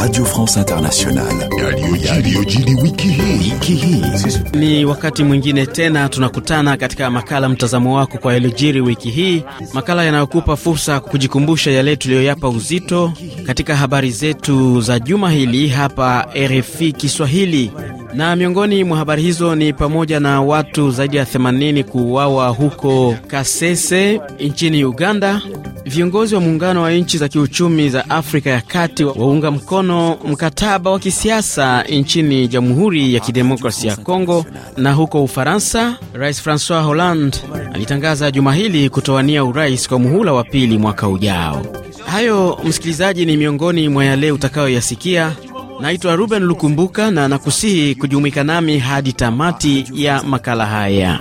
Radio France Internationale. Ni wakati mwingine tena tunakutana katika makala mtazamo wako kwa yaliyojiri wiki hii, makala yanayokupa fursa kujikumbusha yale tuliyoyapa uzito katika habari zetu za juma hili hapa RFI Kiswahili. Na miongoni mwa habari hizo ni pamoja na watu zaidi ya 80 kuuawa huko Kasese nchini Uganda, Viongozi wa muungano wa nchi za kiuchumi za Afrika ya Kati waunga mkono mkataba wa kisiasa nchini Jamhuri ya Kidemokrasia ya Kongo. Na huko Ufaransa, Rais Francois Hollande alitangaza juma hili kutowania urais kwa muhula wa pili mwaka ujao. Hayo msikilizaji, ni miongoni mwa yale utakayoyasikia. Naitwa Ruben Lukumbuka na nakusihi kujumuika nami hadi tamati ya makala haya.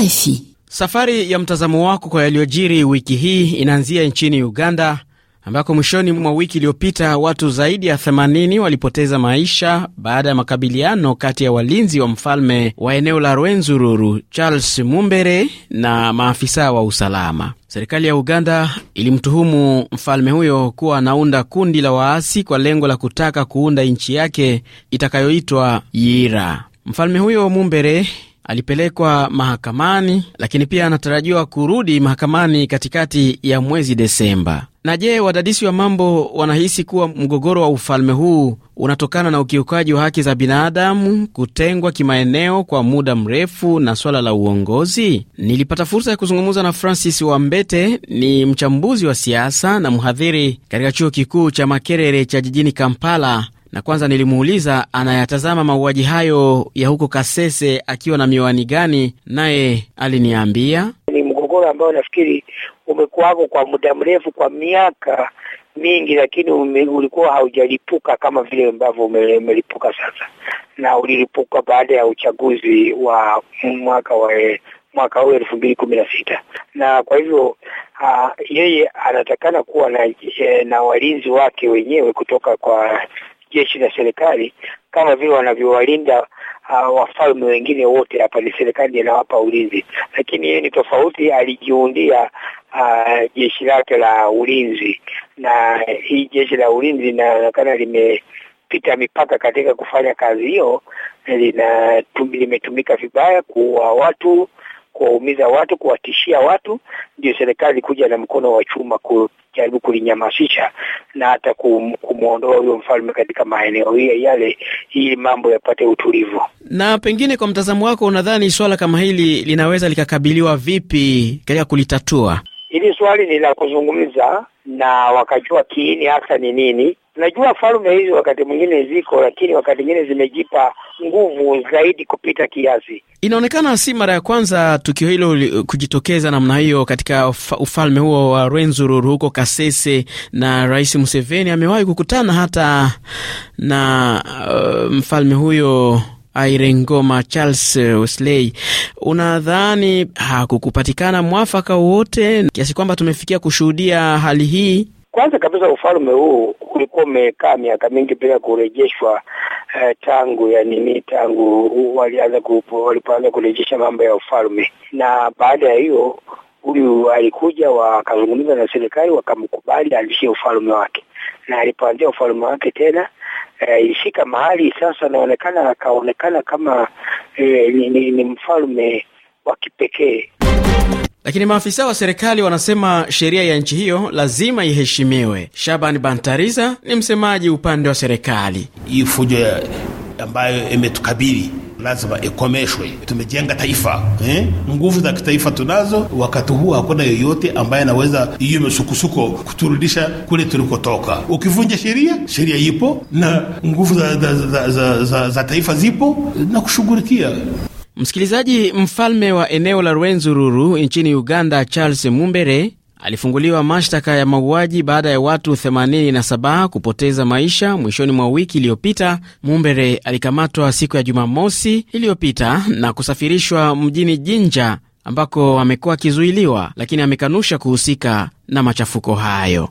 RFI. Safari ya mtazamo wako kwa yaliyojiri wiki hii inaanzia nchini Uganda ambako mwishoni mwa wiki iliyopita watu zaidi ya 80 walipoteza maisha baada ya makabiliano kati ya walinzi wa mfalme wa eneo la Rwenzururu Charles Mumbere na maafisa wa usalama. Serikali ya Uganda ilimtuhumu mfalme huyo kuwa anaunda kundi la waasi kwa lengo la kutaka kuunda nchi yake itakayoitwa Yira. Mfalme huyo Mumbere alipelekwa mahakamani, lakini pia anatarajiwa kurudi mahakamani katikati ya mwezi Desemba. Na je, wadadisi wa mambo wanahisi kuwa mgogoro wa ufalme huu unatokana na ukiukaji wa haki za binadamu, kutengwa kimaeneo kwa muda mrefu na swala la uongozi? Nilipata fursa ya kuzungumza na Francis Wambete, ni mchambuzi wa siasa na mhadhiri katika chuo kikuu cha Makerere cha jijini Kampala, na kwanza nilimuuliza anayatazama mauaji hayo ya huko Kasese akiwa na miwani gani, naye aliniambia ni mgogoro ambao nafikiri umekuwako kwa muda mrefu, kwa miaka mingi, lakini ulikuwa haujalipuka kama vile ambavyo umelipuka sasa, na ulilipuka baada ya uchaguzi wa mwaka wa mwaka huu elfu mbili kumi na sita na kwa hivyo uh, yeye anatakana kuwa na, e, na walinzi wake wenyewe kutoka kwa jeshi la serikali kama vile wanavyowalinda uh, wafalme wengine wote. Hapa ni serikali inawapa ulinzi, lakini yeye ni tofauti, alijiundia uh, jeshi lake la ulinzi, na hii jeshi la ulinzi linaonekana limepita mipaka katika kufanya kazi hiyo, limetumika vibaya, kuua watu kuwaumiza watu, kuwatishia watu, ndio serikali kuja na mkono wa chuma kujaribu kulinyamasisha na hata kumwondoa huyo mfalme katika maeneo yale, ili mambo yapate utulivu. Na pengine kwa mtazamo wako, unadhani swala kama hili linaweza likakabiliwa vipi katika kulitatua? Hili swali ni la kuzungumza na wakajua kiini hasa ni nini. Najua falme hizi wakati mwingine ziko, lakini wakati mwingine zimejipa nguvu zaidi kupita kiasi. Inaonekana si mara ya kwanza tukio hilo kujitokeza namna hiyo katika ufalme huo wa Rwenzururu huko Kasese, na Rais Museveni amewahi kukutana hata na uh, mfalme huyo Airengoma Charles Wesley, unadhani hakukupatikana mwafaka wote kiasi kwamba tumefikia kushuhudia hali hii? Kwanza kabisa ufalme huu ulikuwa umekaa miaka mingi bila kurejeshwa eh, tangu ya nini, tangu walianza walipoanza kurejesha mambo ya ufalme, na baada ya hiyo huyu alikuja wakazungumza na serikali wakamkubali alishie ufalme wake na alipoanzia ufalme wake tena e, ilifika mahali sasa anaonekana akaonekana kama e, ni, ni, ni mfalme wa kipekee. Lakini maafisa wa serikali wanasema sheria ya nchi hiyo lazima iheshimiwe. Shaban Bantariza ni msemaji upande wa serikali. Hii fujo ambayo imetukabili lazima ikomeshwe. Tumejenga taifa eh? Nguvu za kitaifa tunazo. Wakati huu hakuna yoyote ambaye anaweza hiyo misukusuko kuturudisha kule tulikotoka. Ukivunja sheria, sheria ipo na nguvu za, za, za, za, za, za taifa zipo na kushughulikia Msikilizaji, mfalme wa eneo la Rwenzururu nchini Uganda, Charles Mumbere alifunguliwa mashtaka ya mauaji baada ya watu 87 kupoteza maisha mwishoni mwa wiki iliyopita. Mumbere alikamatwa siku ya Jumamosi iliyopita na kusafirishwa mjini Jinja ambako amekuwa akizuiliwa, lakini amekanusha kuhusika na machafuko hayo.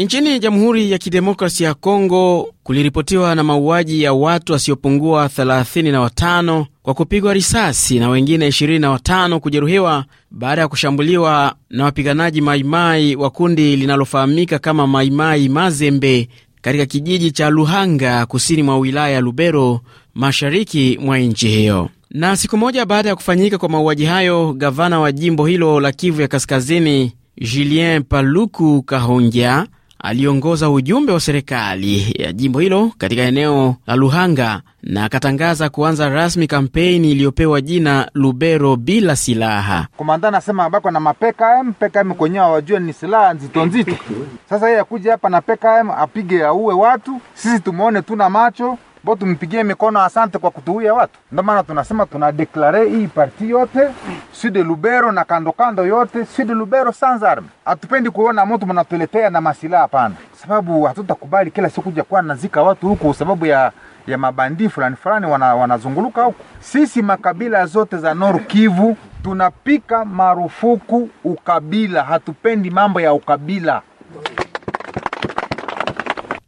Nchini Jamhuri ya Kidemokrasi ya Kongo kuliripotiwa na mauaji ya watu wasiopungua 35 kwa kupigwa risasi na wengine 25 kujeruhiwa baada ya kushambuliwa na wapiganaji Maimai wa kundi linalofahamika kama Maimai Mazembe katika kijiji cha Luhanga kusini mwa wilaya ya Lubero mashariki mwa nchi hiyo. Na siku moja baada ya kufanyika kwa mauaji hayo, gavana wa jimbo hilo la Kivu ya Kaskazini Julien Paluku Kahongya aliongoza ujumbe wa serikali ya jimbo hilo katika eneo la Luhanga na akatangaza kuanza rasmi kampeni iliyopewa jina Lubero bila silaha. Komanda anasema bako na mapekam pekam kwenyewe hawajue ni silaha nzito nzito. Sasa yeye akuja hapa na pekam apige, auwe watu, sisi tumwone tuna macho bo tumpigie mikono asante kwa kutuuya watu. Ndio maana tunasema tunadeklare hii parti yote Sud Lubero na kando kando yote Sud Lubero sans arme. Hatupendi kuona mutu mnatuletea na masilaha, hapana, sababu hatutakubali kila siku kuja kuwa nazika watu huku sababu ya ya mabandi fulani fulani wanazunguluka wana Sisi makabila zote za nor Kivu tunapika marufuku ukabila, hatupendi mambo ya ukabila.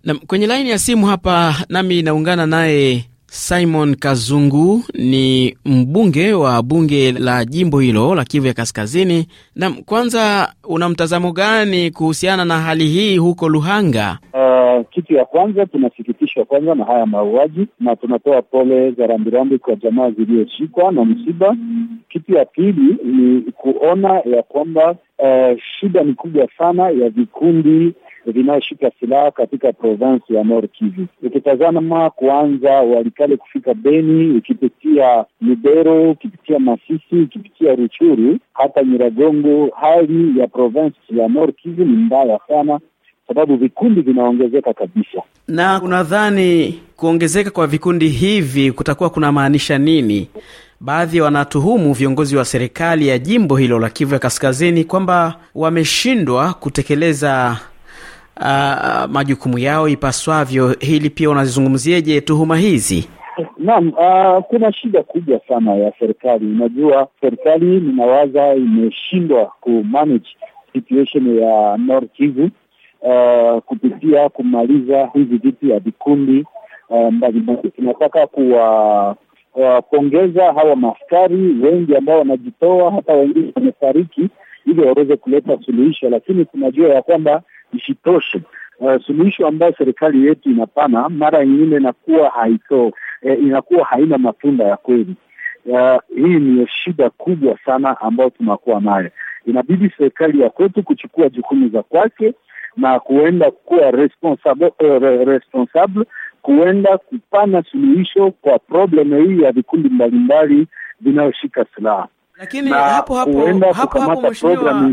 Na kwenye laini ya simu hapa nami naungana naye Simon Kazungu ni mbunge wa bunge la jimbo hilo la Kivu ya Kaskazini. Na kwanza una mtazamo gani kuhusiana na hali hii huko Luhanga? Uh, kitu ya kwanza tunasikitishwa kwanza na haya mauaji, na tunatoa pole za rambirambi kwa jamaa zilizoshikwa na msiba. Kitu ya pili ni kuona ya kwamba uh, shida ni kubwa sana ya vikundi vinayoshika silaha katika provinsi ya Nord Kivu. Ukitazama kuanza Walikale kufika Beni, ukipitia Lubero, ukipitia Masisi, ukipitia Ruchuru hata Nyiragongo, hali ya provinsi ya Nord Kivu ni mbaya sana sababu vikundi vinaongezeka kabisa. Na unadhani kuongezeka kwa vikundi hivi kutakuwa kuna maanisha nini? Baadhi wanatuhumu viongozi wa serikali ya jimbo hilo la Kivu ya Kaskazini kwamba wameshindwa kutekeleza uh, majukumu yao ipaswavyo. Hili pia unazizungumzieje tuhuma hizi? Naam, uh, kuna shida kubwa sana ya serikali. Unajua, serikali ninawaza imeshindwa kumanage situation ya North Kivu uh, kupitia kumaliza hizi vitu ya vikundi mbalimbali. tunataka kuwapongeza kuwapongeza hawa maskari wengi ambao wanajitoa, hata wengine wamefariki, ili waweze kuleta suluhisho, lakini tunajua ya kwamba Isitoshe, uh, suluhisho ambayo serikali yetu inapana mara nyingine inakuwa haito, eh, inakuwa haina matunda ya kweli. Uh, hii ni shida kubwa sana ambayo tunakuwa nayo. Inabidi serikali ya kwetu kuchukua jukumu za kwake na kuenda kuwa responsable, uh, responsable kuenda kupana suluhisho kwa problemu hii ya vikundi mbalimbali vinayoshika silaha. Lakini hapo hapo hapo hapo mheshimiwa,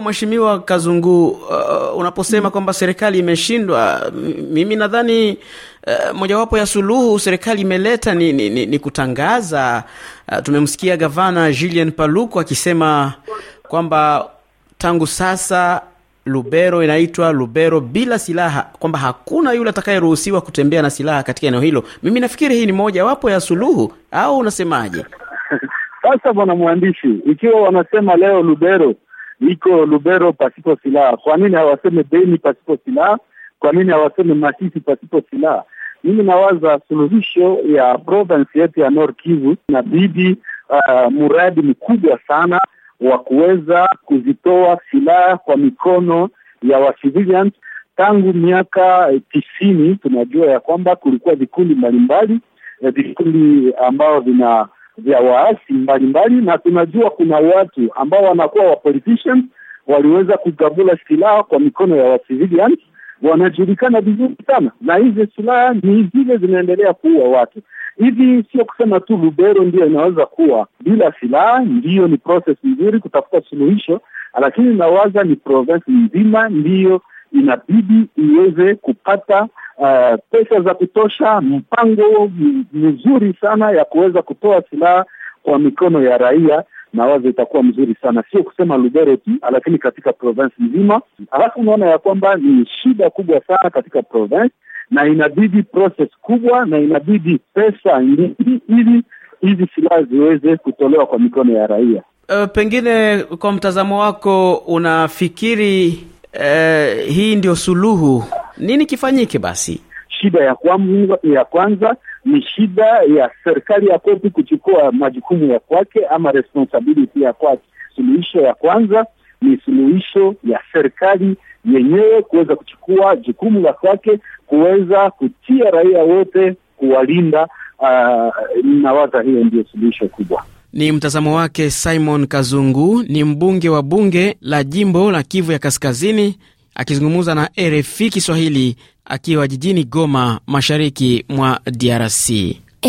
Mheshimiwa Kazungu, uh, unaposema kwamba serikali imeshindwa, mimi nadhani uh, mojawapo ya suluhu serikali imeleta ni, ni, ni, ni kutangaza uh, tumemsikia gavana Julien Paluku akisema kwamba tangu sasa Lubero inaitwa Lubero bila silaha, kwamba hakuna yule atakayeruhusiwa kutembea na silaha katika eneo hilo. Mimi nafikiri hii ni mojawapo ya suluhu, au unasemaje? Sasa bwana mwandishi, ikiwa wanasema leo Lubero iko Lubero pasipo silaha, kwa nini hawaseme Beni pasipo silaha? Kwa nini hawaseme Masisi pasipo silaha? Mimi nawaza suluhisho ya province yetu ya North Kivu inabidi uh, mradi mkubwa sana wa kuweza kuzitoa silaha kwa mikono ya wa civilians. Tangu miaka tisini tunajua ya kwamba kulikuwa vikundi mbalimbali eh, vikundi ambao vina vya waasi mbalimbali, na tunajua kuna watu ambao wanakuwa wa politicians waliweza kugabula silaha kwa mikono ya civilians wanajulikana vizuri sana, na hizi silaha ni zile zinaendelea kuua watu. Hivi sio kusema tu Lubero ndio inaweza kuwa bila silaha. Ndiyo, ni process nzuri kutafuta suluhisho, lakini nawaza ni province nzima ndiyo inabidi iweze kupata uh, pesa za kutosha, mpango mzuri sana ya kuweza kutoa silaha kwa mikono ya raia na wazo itakuwa mzuri sana, sio kusema Lubero tu, lakini katika province nzima. Alafu unaona ya kwamba ni shida kubwa sana katika province, na inabidi process kubwa na inabidi pesa nyingi ili hizi silaha ziweze kutolewa kwa mikono ya raia. Uh, pengine kwa mtazamo wako unafikiri eh, hii ndio suluhu. Nini kifanyike basi? Shida ya kwanza, ya kwanza ni shida ya serikali ya kopi kuchukua majukumu ya kwake ama responsibility ya kwake. Suluhisho ya kwanza ni suluhisho ya serikali yenyewe kuweza kuchukua jukumu la kwake, kuweza kutia raia wote, kuwalinda. Uh, ah, nawaza hiyo ndio suluhisho kubwa. Ni mtazamo wake Simon Kazungu, ni mbunge wa bunge la jimbo la Kivu ya Kaskazini, akizungumza na RFI Kiswahili akiwa jijini Goma, mashariki mwa DRC.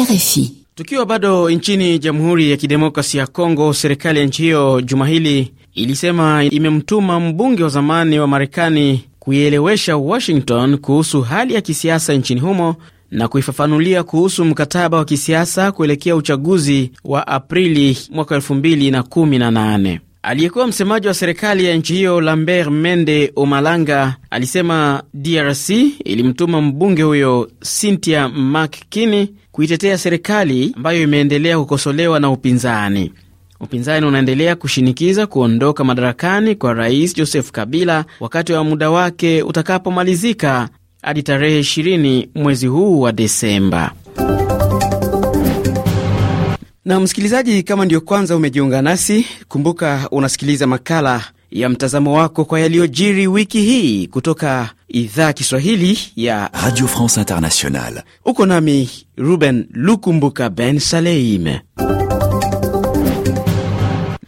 RFI. Tukiwa bado nchini Jamhuri ya Kidemokrasi ya Kongo, serikali ya nchi hiyo juma hili ilisema imemtuma mbunge wa zamani wa Marekani kuielewesha Washington kuhusu hali ya kisiasa nchini humo na kuifafanulia kuhusu mkataba wa kisiasa kuelekea uchaguzi wa Aprili mwaka 2018. Aliyekuwa msemaji wa serikali ya nchi hiyo Lambert Mende Omalanga alisema DRC ilimtuma mbunge huyo Cynthia McKinney kuitetea serikali ambayo imeendelea kukosolewa na upinzani. Upinzani unaendelea kushinikiza kuondoka madarakani kwa rais Joseph Kabila wakati wa muda wake utakapomalizika hadi tarehe 20 mwezi huu wa Desemba. Na msikilizaji, kama ndiyo kwanza umejiunga nasi, kumbuka unasikiliza makala ya mtazamo wako kwa yaliyojiri wiki hii kutoka idhaa Kiswahili ya Radio France Internationale. Uko nami Ruben Lukumbuka Ben Saleim.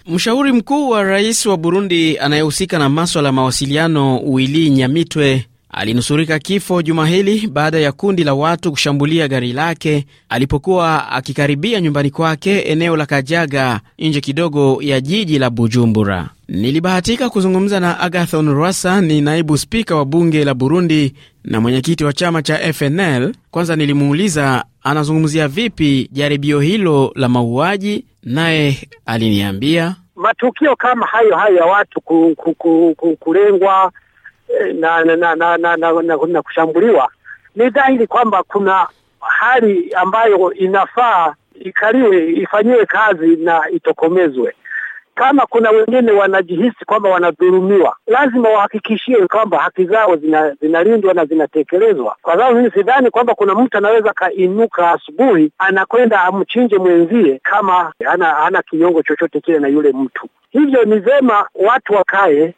Mshauri mkuu wa rais wa Burundi anayehusika na maswala ya mawasiliano Willy Nyamitwe alinusurika kifo juma hili baada ya kundi la watu kushambulia gari lake alipokuwa akikaribia nyumbani kwake eneo la Kajaga, nje kidogo ya jiji la Bujumbura. Nilibahatika kuzungumza na Agathon Rwasa, ni naibu spika wa bunge la Burundi na mwenyekiti wa chama cha FNL. Kwanza nilimuuliza anazungumzia vipi jaribio hilo la mauaji, naye aliniambia matukio kama hayo hayo ya watu ku, ku, ku, ku, kulengwa na na na na, na, na, na, na kushambuliwa, ni dhahiri kwamba kuna hali ambayo inafaa ikaliwe, ifanyiwe kazi na itokomezwe. Kama kuna wengine wanajihisi kwamba wanadhulumiwa, lazima wahakikishie kwamba haki zao zinalindwa na zinatekelezwa, kwa sababu mimi sidhani kwamba kuna mtu anaweza akainuka asubuhi anakwenda amchinje mwenzie kama hana, hana kinyongo chochote kile na yule mtu. Hivyo ni vema watu wakae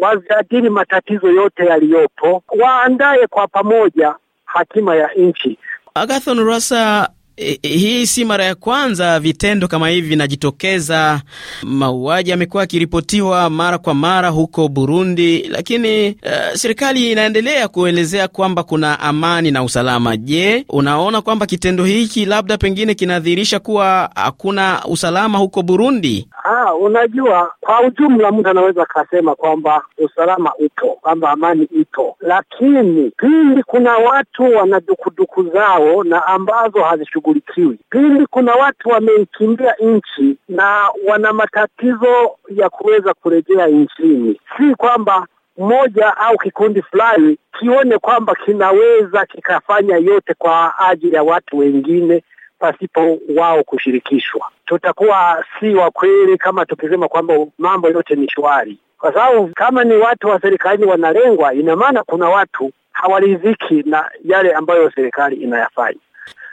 wazijadili matatizo yote yaliyopo, waandaye kwa pamoja hatima ya nchi. Agathon Rwasa Eh, eh, hii si mara ya kwanza vitendo kama hivi vinajitokeza. Mauaji yamekuwa yakiripotiwa mara kwa mara huko Burundi, lakini uh, serikali inaendelea kuelezea kwamba kuna amani na usalama. Je, unaona kwamba kitendo hiki labda pengine kinadhihirisha kuwa hakuna usalama huko Burundi? Ah, unajua kwa ujumla mtu anaweza akasema kwamba usalama upo, kwamba amani ipo, lakini pindi kuna watu wana dukuduku zao na ambazo hazishughulikiwi hawashughulikiwi. Pili, kuna watu wameikimbia nchi na wana matatizo ya kuweza kurejea nchini, si kwamba mmoja au kikundi fulani kione kwamba kinaweza kikafanya yote kwa ajili ya watu wengine pasipo wao kushirikishwa. Tutakuwa si wa kweli kama tukisema kwamba mambo yote ni shwari, kwa sababu kama ni watu wa serikalini wanalengwa, ina maana kuna watu hawaridhiki na yale ambayo serikali inayafanya.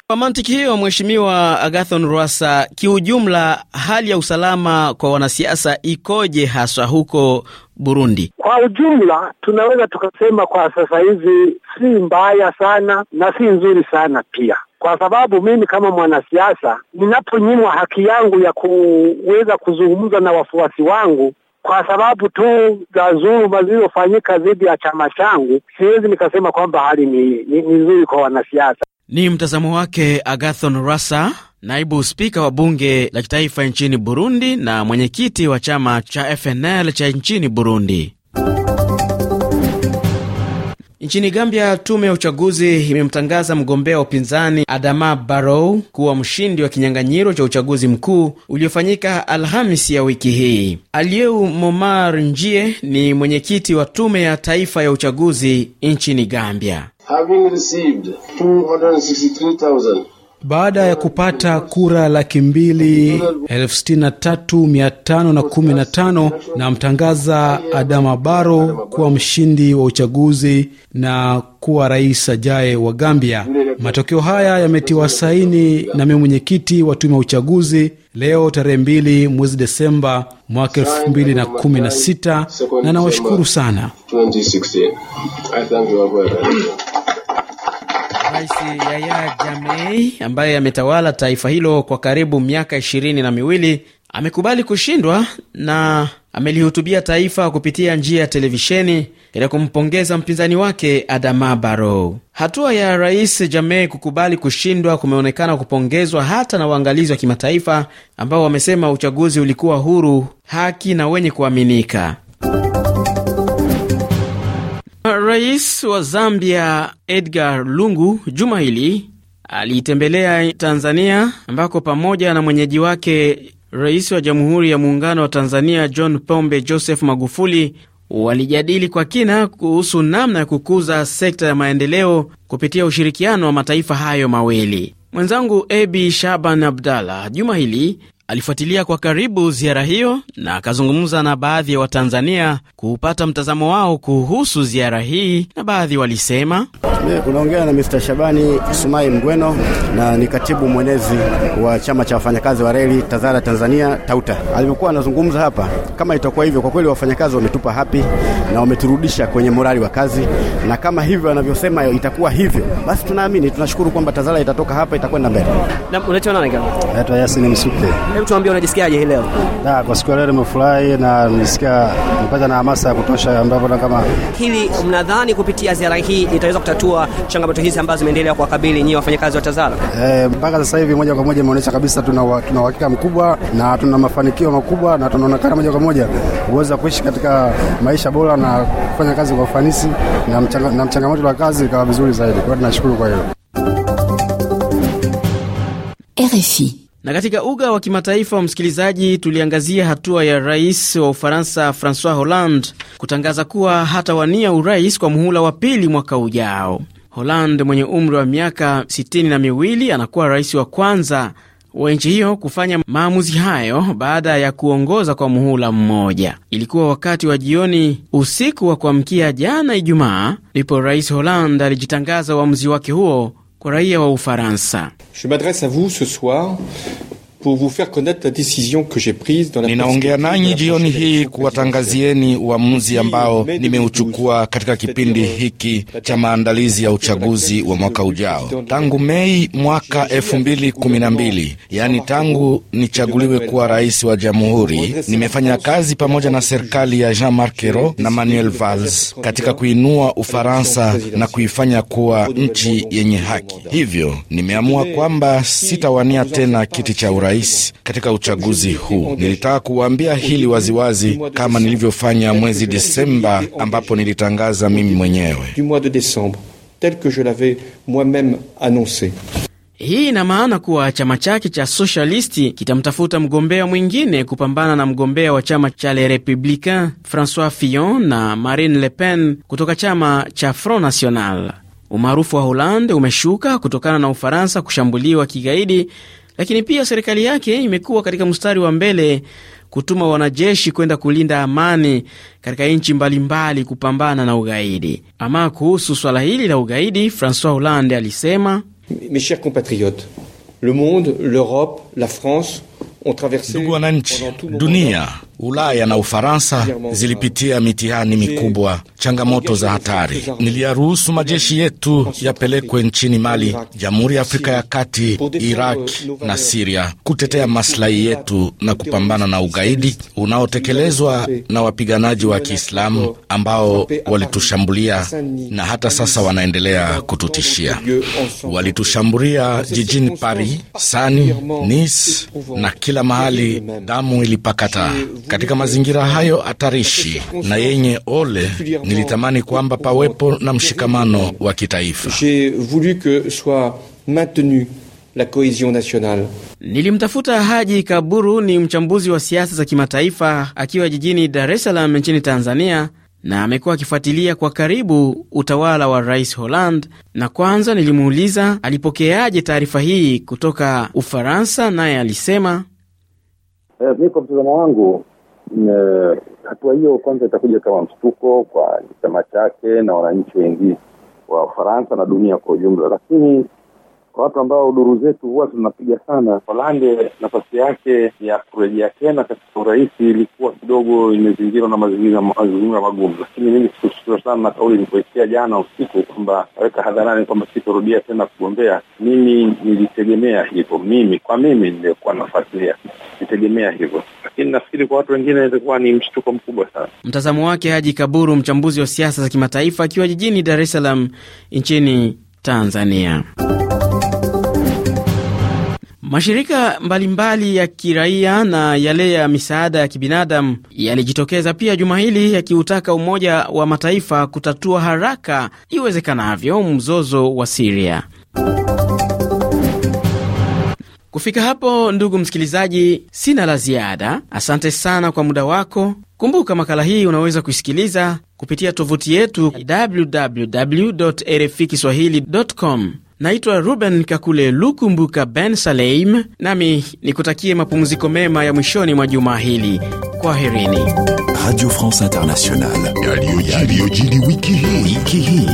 Kwa mantiki hiyo, Mheshimiwa Agathon Rwasa, kiujumla hali ya usalama kwa wanasiasa ikoje haswa huko Burundi? Kwa ujumla tunaweza tukasema kwa sasa hivi si mbaya sana na si nzuri sana pia kwa sababu mimi kama mwanasiasa ninaponyimwa haki yangu ya kuweza kuzungumza na wafuasi wangu kwa sababu tu za dhuluma zilizofanyika dhidi ya chama changu, siwezi nikasema kwamba hali ni nzuri kwa wanasiasa. Ni mtazamo wake Agathon Rasa, naibu spika wa bunge la kitaifa nchini Burundi na mwenyekiti wa chama cha FNL cha nchini Burundi. Nchini Gambia, tume ya uchaguzi imemtangaza mgombea wa upinzani Adama Barrow kuwa mshindi wa kinyang'anyiro cha uchaguzi mkuu uliofanyika Alhamisi ya wiki hii. Alieu Momar Njie ni mwenyekiti wa tume ya taifa ya uchaguzi nchini Gambia. having received 263,000 baada ya kupata kura laki mbili elfu sitini na tatu mia tano na kumi na tano mtangaza Adama Baro kuwa mshindi wa uchaguzi na kuwa rais ajaye wa Gambia. Matokeo haya yametiwa saini na mwenyekiti wa tume ya uchaguzi leo tarehe mbili mwezi Desemba mwaka elfu mbili na kumi na sita na nawashukuru sana. Rais yaya jamei ambaye ametawala taifa hilo kwa karibu miaka ishirini na miwili amekubali kushindwa na amelihutubia taifa kupitia njia ya televisheni ili kumpongeza mpinzani wake Adama Barrow. Hatua ya Rais Jamei kukubali kushindwa kumeonekana kupongezwa hata na waangalizi wa kimataifa ambao wamesema uchaguzi ulikuwa huru, haki na wenye kuaminika. Rais wa Zambia Edgar Lungu juma hili aliitembelea Tanzania ambako pamoja na mwenyeji wake Rais wa Jamhuri ya Muungano wa Tanzania John Pombe Joseph Magufuli walijadili kwa kina kuhusu namna ya kukuza sekta ya maendeleo kupitia ushirikiano wa mataifa hayo mawili. Mwenzangu Abi Shaban Abdallah juma hili Alifuatilia kwa karibu ziara hiyo na akazungumza na baadhi ya wa Watanzania kupata mtazamo wao kuhusu ziara hii, na baadhi walisema. Unaongea na m Shabani Sumai Mgweno, na ni katibu mwenezi wa chama cha wafanyakazi wa reli Tazara Tanzania Tauta. Alivyokuwa anazungumza hapa, kama itakuwa hivyo, kwa kweli wafanyakazi wametupa hapi na wameturudisha kwenye morali wa kazi, na kama hivyo anavyosema itakuwa hivyo, basi tunaamini tunashukuru kwamba Tazara itatoka hapa itakwenda mbele. Hebu tuambie unajisikiaje hii leo? Na kwa siku ya leo nimefurahi na nisikia nimepata na hamasa ya kutosha ambapo na kama hili mnadhani kupitia ziara hii itaweza kutatua changamoto hizi ambazo zimeendelea kuwakabili nyinyi wafanyakazi wa Tazara? Eh, mpaka sasa hivi moja kwa moja imeonyesha kabisa tuna tuna uhakika mkubwa na tuna mafanikio makubwa na tunaonekana moja kwa moja uweza kuishi katika maisha bora na kufanya kazi kwa ufanisi na mchanga, na mchangamoto wa kazi ikawa vizuri zaidi. Kwa hiyo tunashukuru kwa hiyo. RFI na katika uga wa kimataifa, msikilizaji, tuliangazia hatua ya rais wa Ufaransa Francois Hollande kutangaza kuwa hatawania urais kwa muhula wa pili mwaka ujao. Hollande mwenye umri wa miaka sitini na miwili anakuwa rais wa kwanza wa nchi hiyo kufanya maamuzi hayo baada ya kuongoza kwa muhula mmoja. Ilikuwa wakati wa jioni, usiku wa kuamkia jana Ijumaa, ndipo rais Hollande alijitangaza uamuzi wake huo Je m'adresse à vous ce soir Ninaongea nanyi jioni hii kuwatangazieni uamuzi ambao nimeuchukua katika kipindi hiki cha maandalizi ya uchaguzi wa mwaka ujao. Tangu Mei mwaka 212 yani yaani tangu nichaguliwe kuwa rais wa jamhuri, nimefanya kazi pamoja na serikali ya Jean-Marc Ayrault na Manuel Valls katika kuinua Ufaransa na kuifanya kuwa nchi yenye haki. Hivyo nimeamua kwamba sitawania tena kiti cha urais rais katika uchaguzi huu. Nilitaka kuwaambia hili waziwazi, kama nilivyofanya mwezi Desemba ambapo nilitangaza mimi mwenyewe. Hii ina maana kuwa chama chake cha Sosialisti kitamtafuta mgombea mwingine kupambana na mgombea wa chama cha Le Republicain Francois Fillon na Marine Le Pen kutoka chama cha Front National. Umaarufu wa Holande umeshuka kutokana na Ufaransa kushambuliwa kigaidi lakini pia serikali yake imekuwa katika mstari wa mbele kutuma wanajeshi kwenda kulinda amani katika nchi mbalimbali kupambana na ugaidi. Ama kuhusu swala hili la ugaidi, Francois Hollande alisema: Mes chers compatriotes, le monde, l'Europe, la France ont Ndugu wananchi, dunia, Ulaya na Ufaransa zilipitia mitihani mikubwa, changamoto za hatari. Niliyaruhusu majeshi yetu yapelekwe nchini Mali, Jamhuri ya Afrika ya Kati, Iraq na Siria kutetea maslahi yetu na kupambana na ugaidi unaotekelezwa na wapiganaji wa Kiislamu ambao walitushambulia na hata sasa wanaendelea kututishia. Walitushambulia jijini Paris, Sani, Nice na kila mahali, damu ilipakata. Katika mazingira hayo hatarishi na yenye ole, nilitamani kwamba pawepo na mshikamano wa kitaifa. La cohesion nationale. Nilimtafuta Haji Kaburu ni mchambuzi wa siasa za kimataifa akiwa jijini Dar es Salaam nchini Tanzania na amekuwa akifuatilia kwa karibu utawala wa Rais Hollande na kwanza nilimuuliza alipokeaje taarifa hii kutoka Ufaransa naye alisema eh, mi kwa mtazamo wangu Eh, hatua hiyo kwanza itakuja kama mshtuko kwa chama chake na wananchi wengi wa Ufaransa na dunia kwa ujumla, lakini kwa watu ambao duru zetu huwa tunapiga sana. Holande nafasi yake ya kurejea tena katika urais ilikuwa kidogo imezingirwa na mazingira magumu, lakini mimi sikushukuru sana na kauli nilipoisikia jana usiku kwamba aweka hadharani kwamba sitorudia tena kugombea. Mimi nilitegemea hivyo, mimi kwa mimi niliokuwa nafuatilia nitegemea hivyo, lakini nafikiri kwa watu wengine ilikuwa ni mshtuko mkubwa sana. Mtazamo wake Haji Kaburu, mchambuzi wa siasa za kimataifa, akiwa jijini Dar es Salaam nchini Tanzania. Mashirika mbalimbali mbali ya kiraia na yale ya misaada ya kibinadamu yalijitokeza pia juma hili yakiutaka Umoja wa Mataifa kutatua haraka iwezekanavyo mzozo wa Siria. Kufika hapo, ndugu msikilizaji, sina la ziada. Asante sana kwa muda wako. Kumbuka makala hii unaweza kuisikiliza kupitia tovuti yetu www.rfikiswahili.com. Naitwa Ruben Kakule Lukumbuka Ben Saleim, nami nikutakie mapumziko mema ya mwishoni mwa juma hili. Kwa herini. Radio France Internationale. Yaliyojiri wiki hii.